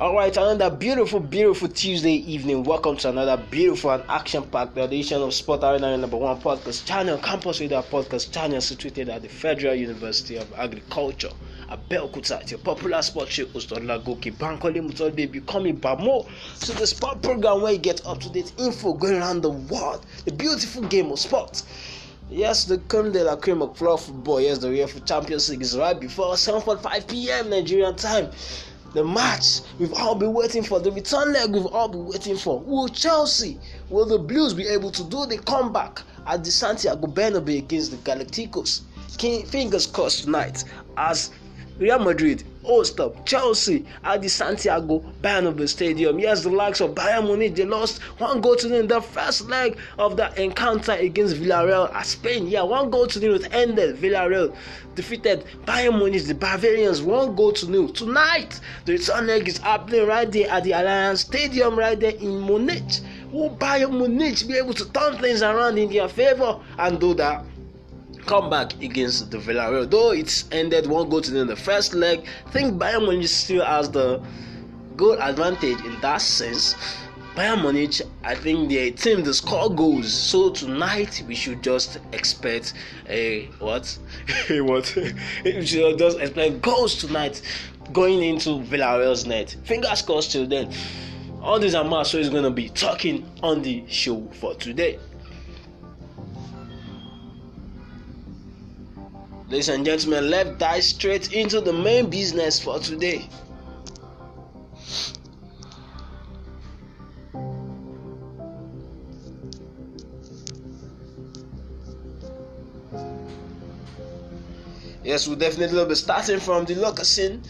All right, another beautiful, beautiful Tuesday evening. Welcome to another beautiful and action-packed edition of Sport Arena Number One Podcast Channel, Campus Radio Podcast Channel, situated at the Federal University of Agriculture, Abeokuta. Your popular sports show host Olagoke Bankole Mutobe becoming Bamo to the sport program where you get up-to-date info going around the world. The beautiful game of sports. Yes, the Creme de la Creme of Football. Yes, the UEFA Champions League is right before 7:45 p.m. Nigerian time the match we've all been waiting for, the return leg we've all been waiting for. Will Chelsea, will the Blues be able to do the comeback at the Santiago Bernabeu against the Galacticos? Fingers crossed tonight as Real Madrid, oh stop! Chelsea at the Santiago Bernabeu Stadium. Yes, the likes of Bayern Munich they lost one goal to nil in the first leg of the encounter against Villarreal at Spain. Yeah, one goal to nil it ended. Villarreal defeated Bayern Munich, the Bavarians, one goal to nil. Tonight, the return leg is happening right there at the Allianz Stadium, right there in Munich. Will Bayern Munich be able to turn things around in their favor and do that? comeback against the Villarreal. Though it's ended one goal to them in the first leg, I think Bayern Munich still has the goal advantage in that sense. Bayern Munich, I think their team the score goals. So tonight we should just expect a what? a what? we should just expect goals tonight going into Villarreal's net. Fingers crossed till then. All these are my so is gonna be talking on the show for today. Ladies and gentlemen, let's dive straight into the main business for today. Yes, we'll definitely be starting from the location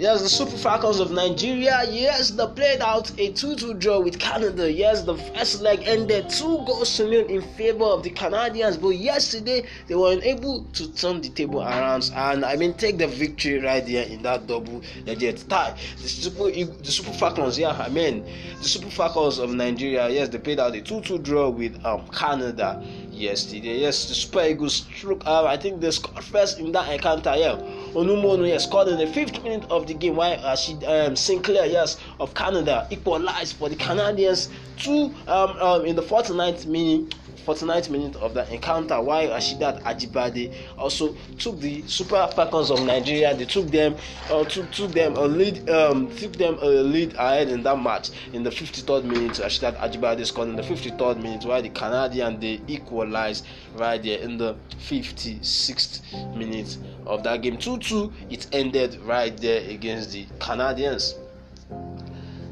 Yes, the Super Falcons of Nigeria. Yes, they played out a 2 2 draw with Canada. Yes, the first leg ended two goals to nil in favor of the Canadians. But yesterday, they were unable to turn the table around and I mean take the victory right there in that double headed tie. The Super, the Super Falcons, yeah, I mean, the Super Falcons of Nigeria. Yes, they played out a 2 2 draw with um, Canada yesterday. Yes, the Super Eagles struck out. I think they scored first in that encounter, yeah. Onumonu yes, scored in the fifth minute of the game. Why uh, she um, Sinclair yes of Canada equalized for the Canadians two um, um, in the 49th minute 49th minute of the encounter while Rashidat Ajibade also took the Super Falcons of Nigeria. They took them uh, took, took them a lead um, took them a lead ahead in that match in the 53rd minute. Rashidat Ajibade scored in the 53rd minute while the Canadian they equalized right there in the 56th minute of that game. 2-2 it ended right there against the Canadians.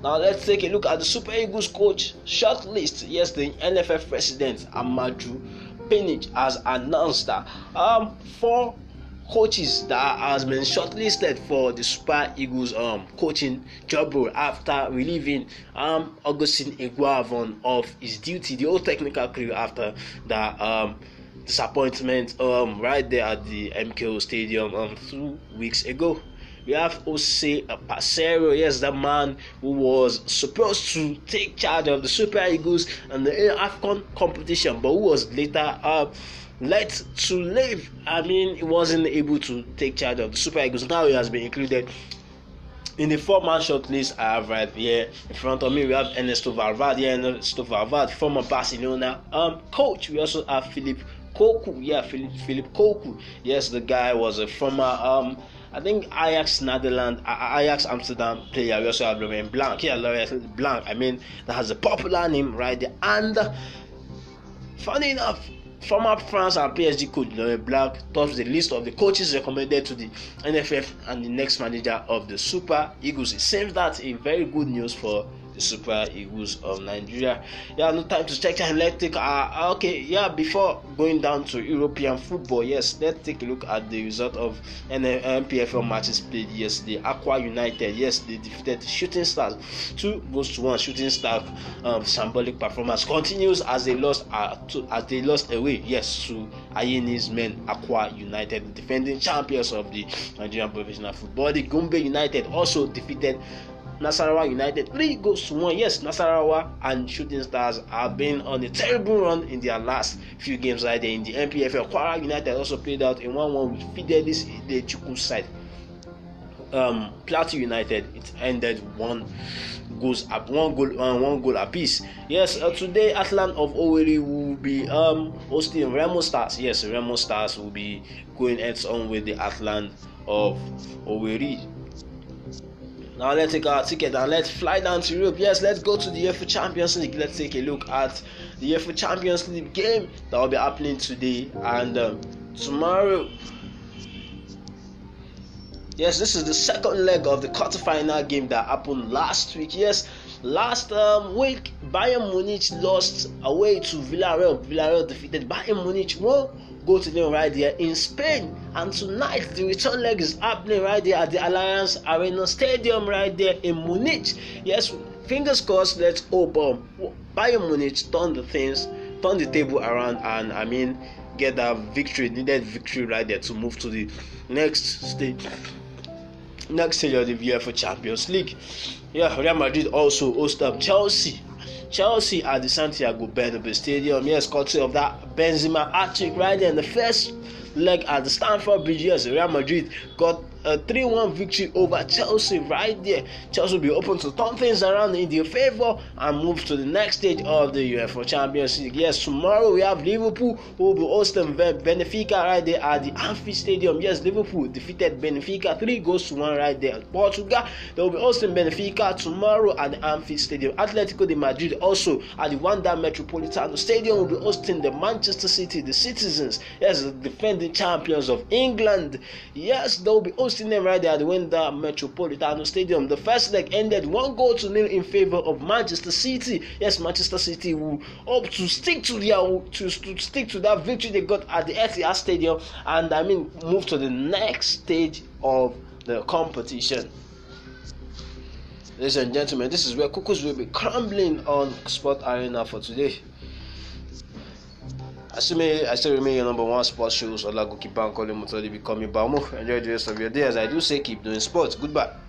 Now let's take a look at the Super Eagles coach shortlist. Yes, the NFF president Amadou Pinnick has announced that um, four coaches that has been shortlisted for the Super Eagles um, coaching job role after relieving um, Augustine Iguavon of his duty, the old technical crew after that um, disappointment um, right there at the MKO Stadium um, two weeks ago. We have Ose Pacero, yes, that man who was supposed to take charge of the Super Eagles and the AFCON competition, but who was later uh, let to leave. I mean, he wasn't able to take charge of the Super Eagles. Now he has been included in the four-man shortlist I have right here in front of me, we have Ernesto Valverde, yeah, Ernesto Valverde, former Barcelona um, coach. We also have Philip Koku, yeah, Philip Philip Koku. Yes, the guy was a former um, I think Ajax Netherlands, Ajax Amsterdam player, we also have Laurent Blanc. Yeah, Laurent Blanc, I mean, that has a popular name right there. And uh, funny enough, former France and PSG coach Laurent Blanc tops the list of the coaches recommended to the NFF and the next manager of the Super Eagles. It seems that a very good news for the Super Eagles of Nigeria. Yeah, no time to check time. Let's take uh, ah, okay, yeah, before going down to European football, yes, let's take a look at the result of NPFL matches played yesterday. Aqua United, yes, they defeated Shooting Stars two goals to one. Shooting Stars um, symbolic performance continues as they lost uh, to, as they lost away, yes, to Ayene's men Aqua United, defending champions of the Nigerian Professional Football. The Gombe United also defeated Nasarawa United three goals to one. Yes, Nasarawa and Shooting Stars have been on a terrible run in their last few games right there in the MPFL. Kwara United also played out a 1 1 with Fidelis the Chukwu side. Um, Plateau United it ended one goals up one goal uh, one goal apiece. Yes, uh, today Atlant of Oweri will be um, hosting Remo Stars. Yes, Remo Stars will be going heads on with the Atlant of Oweri now let's take our ticket and let's fly down to Europe. Yes, let's go to the UEFA Champions League. Let's take a look at the UEFA Champions League game that will be happening today and um, tomorrow. Yes, this is the second leg of the quarterfinal game that happened last week. Yes, last um, week Bayern Munich lost away to Villarreal. Villarreal defeated Bayern Munich 1 go to them right there in Spain. And tonight, the return leg is happening right there at the Alliance Arena Stadium right there in Munich. Yes, fingers crossed, let's hope um, Bayern Munich turn the things, turn the table around, and I mean, get that victory, needed victory right there to move to the next stage. Next stage of the UEFA Champions League. Yeah, Real Madrid also host up um, Chelsea Chelsea at the Santiago Bernabeu Stadium. Yes, courtesy of that Benzema hat trick right there in the first leg at the Stamford Bridge. Yes, Real Madrid got a 3 1 victory over Chelsea right there. Chelsea will be open to turn things around in their favour and move to the next stage of the UEFA Champions League. Yes, tomorrow we have Liverpool who will be hosting Benfica right there at the Anfield Stadium. Yes, Liverpool defeated Benfica 3 goals to 1 right there. Portugal they will be hosting Benfica tomorrow at the Anfield Stadium. Atletico de Madrid also at the Wanda Metropolitano Stadium will be hosting the Manchester City, the citizens. Yes, defending defending champions of England. Yes, they'll be hosting them right there at the Wenda Metropolitano Stadium. The first leg ended one goal to nil in favour of Manchester City. Yes, Manchester City will hope to stick to their to, to stick to that victory they got at the Etihad Stadium, and I mean move to the next stage of the competition. Ladies and gentlemen, this is where Cuckoos will be crumbling on Sport Arena for today. I still remain your number one sports shows. Olagoki Mutali become your Baumo. Enjoy the rest of your day. As I do say, keep doing sports. Goodbye.